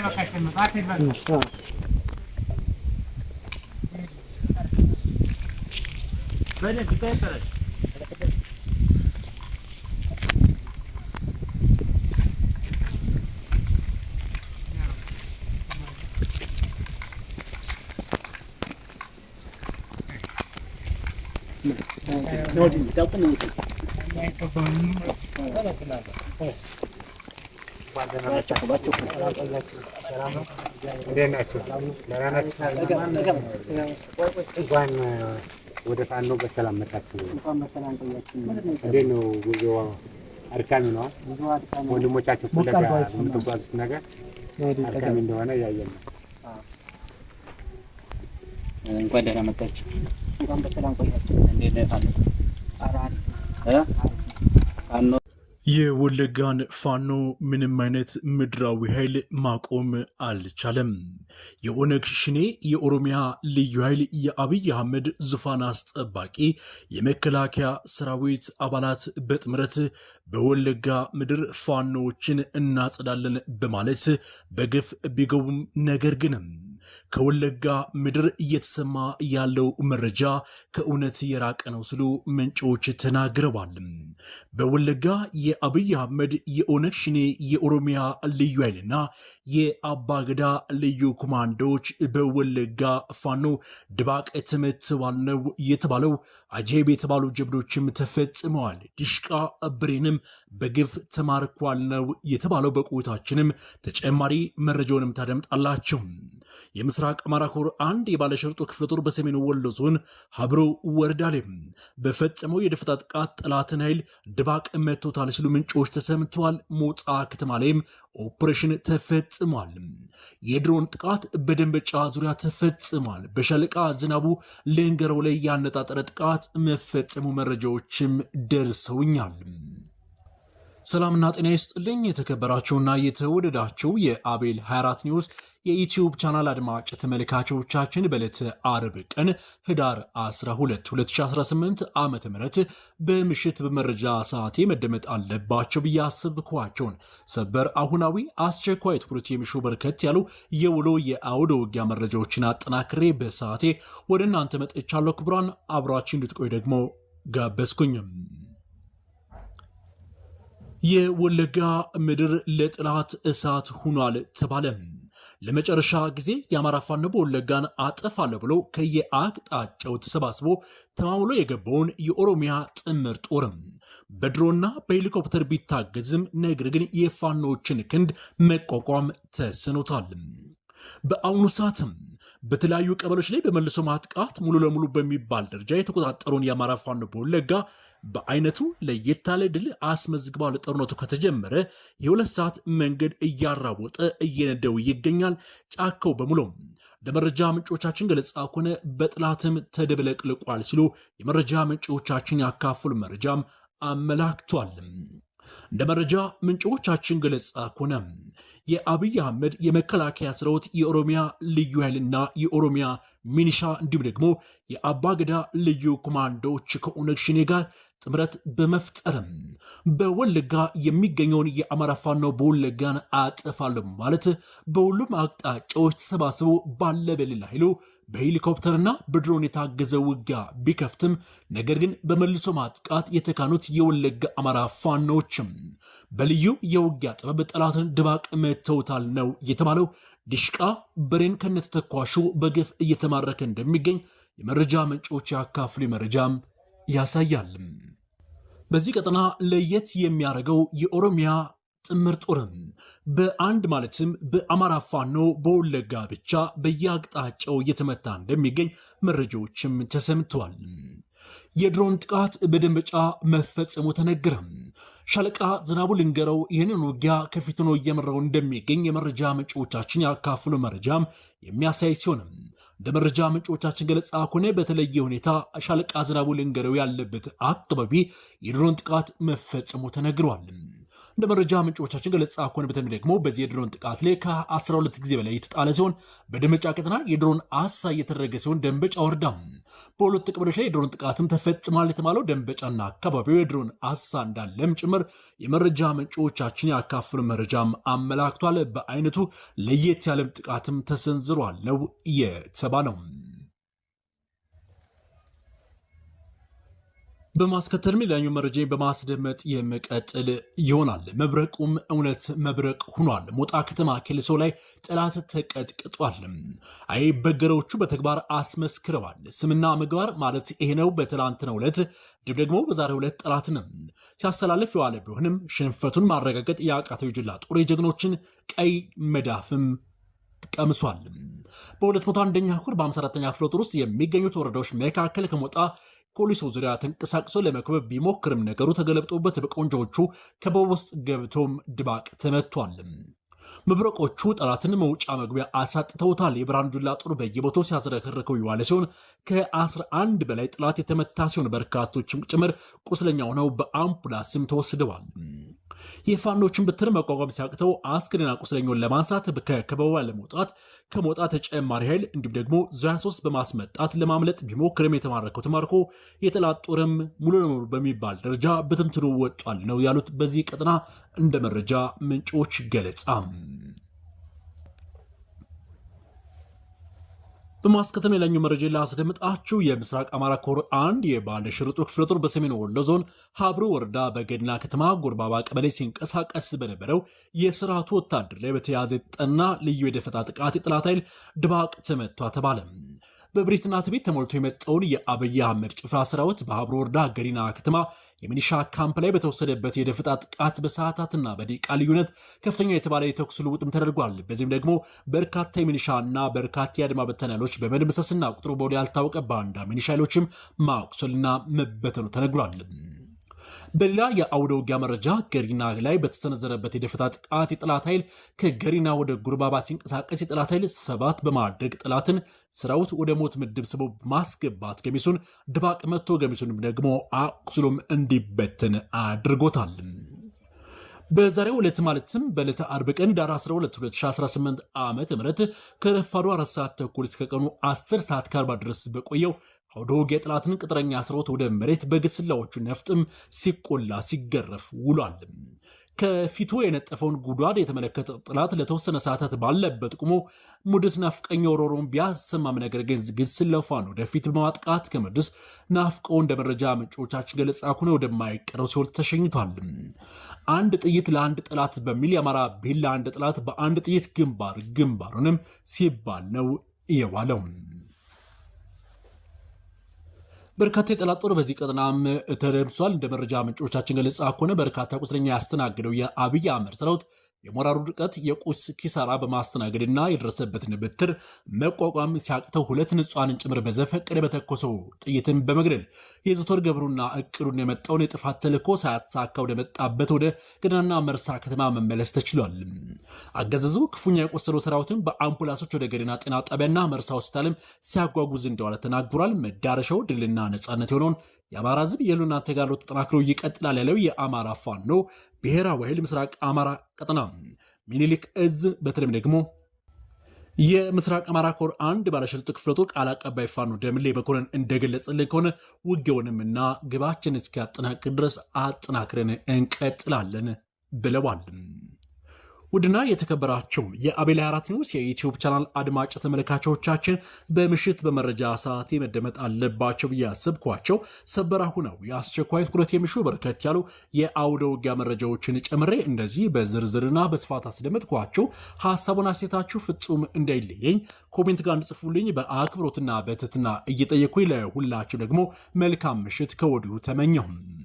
Vai bakarsın, bak bir bak. Böyle dikkat et. Não, não, não. Não, não, não. Não, não, não. እንኳን ወደ ፋኖ በሰላም መጣችሁ። እንዴት ነው ጉዞ? አድካሚ ነው። ወንድሞቻችሁ ፍለጋ የምትጓዙት ነገር አድካሚ እንደሆነ ያየነው። እንኳን ደህና መጣችሁ። እንኳን በሰላም ቆያችሁ። ፋኖ የወለጋን ፋኖ ምንም አይነት ምድራዊ ኃይል ማቆም አልቻለም። የኦነግ ሽኔ የኦሮሚያ ልዩ ኃይል የአብይ አህመድ ዙፋን አስጠባቂ የመከላከያ ሰራዊት አባላት በጥምረት በወለጋ ምድር ፋኖዎችን እናጸዳለን በማለት በግፍ ቢገቡም ነገር ግን ከወለጋ ምድር እየተሰማ ያለው መረጃ ከእውነት የራቀ ነው ሲሉ ምንጮች ተናግረዋል። በወለጋ የአብይ አህመድ የኦነግ ሽኔ የኦሮሚያ ልዩ ኃይልና የአባገዳ ልዩ ኮማንዶዎች በወለጋ ፋኖ ድባቅ ተመትተዋል ነው የተባለው። አጀብ የተባሉ ጀብዶችም ተፈጽመዋል። ዲሽቃ ብሬንም በግፍ ተማርኳል ነው የተባለው። በቆይታችንም ተጨማሪ መረጃውንም ታደምጣላቸው። የምስራቅ አማራ ኮር አንድ የባለሸርጦ ክፍለ ጦር በሰሜን ወሎ ዞን ሀብሮ ወረዳ በፈጸመው የደፈጣ ጥቃት ጠላትን ኃይል ድባቅ መቶታል ሲሉ ምንጮች ተሰምተዋል። ሞጻ ከተማ ላይም ኦፕሬሽን ተፈጽሟል። የድሮን ጥቃት በደንበጫ ዙሪያ ተፈጽሟል። በሻለቃ ዝናቡ ልንገረው ላይ ያነጣጠረ ጥቃት መፈጸሙ መረጃዎችም ደርሰውኛል። ሰላምና ጤና ይስጥልኝ የተከበራቸውና የተወደዳቸው የአቤል 24 ኒውስ የዩትዩብ ቻናል አድማጭ ተመልካቾቻችን በዕለት አርብ ቀን ህዳር 12 2018 ዓ ም በምሽት በመረጃ ሰዓቴ መደመጥ አለባቸው ብዬ አሰብኳቸውን ሰበር፣ አሁናዊ፣ አስቸኳይ ትኩረት የሚሹ በርከት ያሉ የውሎ የአውደ ውጊያ መረጃዎችን አጠናክሬ በሰዓቴ ወደ እናንተ መጥቻለሁ። ክቡራን አብራችን እንድትቆይ ደግሞ ጋበዝኩኝም። የወለጋ ምድር ለጠላት እሳት ሆኗል ተባለም። ለመጨረሻ ጊዜ የአማራ ፋኖ በወለጋን አጠፋለሁ ብሎ ከየአቅጣጫው ተሰባስቦ ተማምሎ የገባውን የኦሮሚያ ጥምር ጦርም በድሮና በሄሊኮፕተር ቢታገዝም ነገር ግን የፋኖዎችን ክንድ መቋቋም ተስኖታል። በአሁኑ ሰዓትም በተለያዩ ቀበሌዎች ላይ በመልሶ ማጥቃት ሙሉ ለሙሉ በሚባል ደረጃ የተቆጣጠረውን የአማራ ፋኖ በወለጋ በአይነቱ ለየት ያለ ድል አስመዝግባል። ጦርነቱ ከተጀመረ የሁለት ሰዓት መንገድ እያራወጠ እየነደው ይገኛል ጫካው በሙሉ። ለመረጃ ምንጮቻችን ገለጻ ከሆነ በጥላትም ተደብለቅልቋል ሲሉ የመረጃ ምንጮቻችን ያካፉል መረጃም አመላክቷል። እንደ መረጃ ምንጮቻችን ገለጻ ከሆነ የአብይ አህመድ የመከላከያ ሰራዊት የኦሮሚያ ልዩ ኃይልና የኦሮሚያ ሚኒሻ እንዲሁም ደግሞ የአባገዳ ልዩ ኮማንዶዎች ከኦነግ ሽኔ ጋር ጥምረት በመፍጠርም በወለጋ የሚገኘውን የአማራ ፋኖ በወለጋን አጠፋለም ማለት በሁሉም አቅጣጫዎች ተሰባስቦ ባለ በሌላ ኃይሉ በሄሊኮፕተርና በድሮን የታገዘ ውጊያ ቢከፍትም ነገር ግን በመልሶ ማጥቃት የተካኑት የወለጋ አማራ ፋኖችም በልዩ የውጊያ ጥበብ ጠላትን ድባቅ ገተውታል ነው የተባለው። ዲሽቃ ብሬን ከነተተኳሹ በግፍ እየተማረከ እንደሚገኝ የመረጃ ምንጮች ያካፍሉ መረጃም ያሳያልም። በዚህ ቀጠና ለየት የሚያደርገው የኦሮሚያ ጥምር ጦርም በአንድ ማለትም በአማራ ፋኖ በወለጋ ብቻ በየአቅጣጫው እየተመታ እንደሚገኝ መረጃዎችም ተሰምተዋል። የድሮን ጥቃት በደንበጫ መፈጸሙ ተነገረ። ሻለቃ ዝናቡ ልንገረው ይህንን ውጊያ ከፊት ሆኖ እየመራው እንደሚገኝ የመረጃ ምንጮቻችን ያካፍሉ መረጃም የሚያሳይ ሲሆንም እንደ መረጃ ምንጮቻችን ገለጻ ከሆነ በተለየ ሁኔታ ሻለቃ ዝናቡ ልንገረው ያለበት አካባቢ የድሮን ጥቃት መፈጸሙ ተነግሯል። እንደ መረጃ ምንጮቻችን ገለጻ ከሆነ በተለይ ደግሞ በዚህ የድሮን ጥቃት ላይ ከ12 ጊዜ በላይ የተጣለ ሲሆን በደመጫ ቀጠና የድሮን አሳ እየተደረገ ሲሆን ደንበጫ ወረዳም በሁለት ቀበሌዎች ላይ የድሮን ጥቃትም ተፈጽሟል የተባለው ደንበጫና አካባቢው የድሮን አሳ እንዳለም ጭምር የመረጃ ምንጮቻችን ያካፍሉ መረጃም አመላክቷል። በአይነቱ ለየት ያለም ጥቃትም ተሰንዝሯል ነው የተባለው። በማስከተልም ሌላኛው መረጃ በማስደመጥ የመቀጥል ይሆናል። መብረቁም እውነት መብረቅ ሆኗል። ሞጣ ከተማ ከልሶ ላይ ጠላት ተቀጥቅጧል። አይ በገሮቹ በተግባር አስመስክረዋል። ስምና ምግባር ማለት ይሄ ነው። በትላንትናው ዕለት ድብ ደግሞ በዛሬው ዕለት ጠላትንም ሲያስተላልፍ የዋለ ቢሆንም ሽንፈቱን ማረጋገጥ የአቃተው ጅላ ጦር የጀግኖችን ቀይ መዳፍም ቀምሷል። በ201ኛ ኮር በ54ኛ ክፍለ ጦር ውስጥ የሚገኙት ወረዳዎች መካከል ከሞጣ ፖሊሱ ዙሪያ ተንቀሳቅሶ ለመክበብ ቢሞክርም ነገሩ ተገለብጦበት በቆንጆዎቹ ከበብ ውስጥ ገብቶም ድባቅ ተመቷል። መብረቆቹ ጠላትን መውጫ መግቢያ አሳጥተውታል። የብርሃኑ ጁላ ጦር በየቦታው ሲያዝረከርከው የዋለ ሲሆን ከ11 በላይ ጠላት የተመታ ሲሆን በርካቶችም ጭምር ቁስለኛ ሆነው በአምፑላንስም ተወስደዋል። የፋኖችን ብትር መቋቋም ሲያቅተው አስክሬና ቁስለኞን ለማንሳት ከከበባ ለመውጣት ከሞጣ ተጨማሪ ኃይል እንዲሁም ደግሞ ዙያ ሶስት በማስመጣት ለማምለጥ ቢሞክርም የተማረከው ተማርኮ የተላጦርም ሙሉ ለሙሉ በሚባል ደረጃ በትንትኑ ወጧል ነው ያሉት በዚህ ቀጠና እንደ መረጃ ምንጮች ገለጻ በማስከተም ሌላኛው መረጃ ላስደምጣችሁ። የምስራቅ አማራ ኮር አንድ የባለ ሽርጡ ክፍለ ጦር በሰሜን ወሎ ዞን ሀብሮ ወረዳ በገድና ከተማ ጎርባባ ቀበሌ ሲንቀሳቀስ በነበረው የስርዓቱ ወታደር ላይ በተያዘ ጠና ልዩ የደፈጣ ጥቃት የጠላት ኃይል ድባቅ ተመቷ ተባለ። በብሬት ትቤት ቤት ተሞልቶ የመጣውን የአብይ አህመድ ጭፍራ ሰራዊት በሀብሮ ወረዳ ገሪና ከተማ የሚኒሻ ካምፕ ላይ በተወሰደበት የደፈጣ ጥቃት በሰዓታትና በደቂቃ ልዩነት ከፍተኛ የተባለ የተኩስ ልውውጥም ተደርጓል። በዚህም ደግሞ በርካታ የሚኒሻና በርካታ የአድማ በተናሎች ኃይሎች በመደምሰስና ቁጥሩ በውል ያልታወቀ ባንዳ ሚኒሻ ኃይሎችም ማቁሰልና መበተኑ ተነግሯል። በሌላ የአውደ ውጊያ መረጃ ገሪና ላይ በተሰነዘረበት የደፈጣ ጥቃት የጠላት ኃይል ከገሪና ወደ ጉርባባ ሲንቀሳቀስ የጠላት ኃይል ሰባት በማድረግ ጠላትን ሰራዊት ወደ ሞት ምድብ ስቦ ማስገባት ገሚሱን ድባቅ መቶ ገሚሱን ደግሞ አቁስሎም እንዲበትን አድርጎታል። በዛሬው ዕለት ማለትም በዕለተ አርብ ቀን ዳር 12 2018 ዓ ም ከረፋዱ 4 ሰዓት ተኩል እስከ ቀኑ 10 ሰዓት ከ40 ድረስ በቆየው አውደውግ የጠላትን ቅጥረኛ ስሮት ወደ መሬት በግስላዎቹ ነፍጥም ሲቆላ ሲገረፍ ውሏል። ከፊቱ የነጠፈውን ጉዳድ የተመለከተ ጠላት ለተወሰነ ሰዓታት ባለበት ቁሞ ሙድስ ናፍቀኝ ሮሮን ቢያሰማም ነገር ግን ግስላው ፋኖ ወደፊት በማጥቃት ከመድስ ናፍቀው እንደ መረጃ ምንጮቻችን ገለጻ ኩነ ወደማይቀረው ሲኦል ተሸኝቷል። አንድ ጥይት ለአንድ ጠላት በሚል የአማራ ቢል ለአንድ ጠላት በአንድ ጥይት ግንባር ግንባሩንም ሲባል ነው የዋለው። በርካታ የጠላት ጦር በዚህ ቀጠናም ተደምሷል። እንደ መረጃ ምንጮቻችን ገለጻ ከሆነ በርካታ ቁስለኛ ያስተናግደው የአብይ አህመድ ሰራዊት የሞራሩ ውድቀት የቁስ ኪሳራ በማስተናገድና የደረሰበትን ብትር መቋቋም ሲያቅተው ሁለት ንጹሐንን ጭምር በዘፈቀደ በተኮሰው ጥይትን በመግደል የዘቶር ገብሩና እቅዱን የመጣውን የጥፋት ተልኮ ሳያሳካ ወደመጣበት ወደ ገዳና መርሳ ከተማ መመለስ ተችሏል። አገዛዙ ክፉኛ የቆሰለው ሰራዊትን በአምቡላንሶች ወደ ገደና ጤና ጣቢያና መርሳ ሆስፒታልም ሲያጓጉዝ እንደዋለ ተናግሯል። መዳረሻው ድልና ነጻነት የሆነውን የአማራ ህዝብ የሉና ተጋድሎ ተጠናክሮ ይቀጥላል ያለው የአማራ ፋኖ ብሔራዊ ኃይል ምስራቅ አማራ ቀጠና ሚኒሊክ እዝ በተለይም ደግሞ የምስራቅ አማራ ኮር አንድ ባለሽርጡ ክፍለጦር ቃል አቀባይ ፋኖ ደምሌ በኮረን እንደገለጸልን ከሆነ ውጊያውንም እና ግባችን እስኪያጠናቅር ድረስ አጠናክረን እንቀጥላለን ብለዋል። ውድና የተከበራችሁ የአቤል 24 ኒውስ የዩትዩብ ቻናል አድማጭ ተመልካቾቻችን በምሽት በመረጃ ሰዓት መደመጥ አለባቸው ያስብኳቸው ሰበራሁ ነው የአስቸኳይ ትኩረት የሚሹ በርከት ያሉ የአውደ ውጊያ መረጃዎችን ጨምሬ እንደዚህ በዝርዝርና በስፋት አስደመጥኳችሁ። ሀሳቡን አሴታችሁ ፍጹም እንዳይለየኝ ኮሜንት ጋር እንጽፉልኝ በአክብሮትና በትትና እየጠየኩኝ ለሁላችሁ ደግሞ መልካም ምሽት ከወዲሁ ተመኘሁም።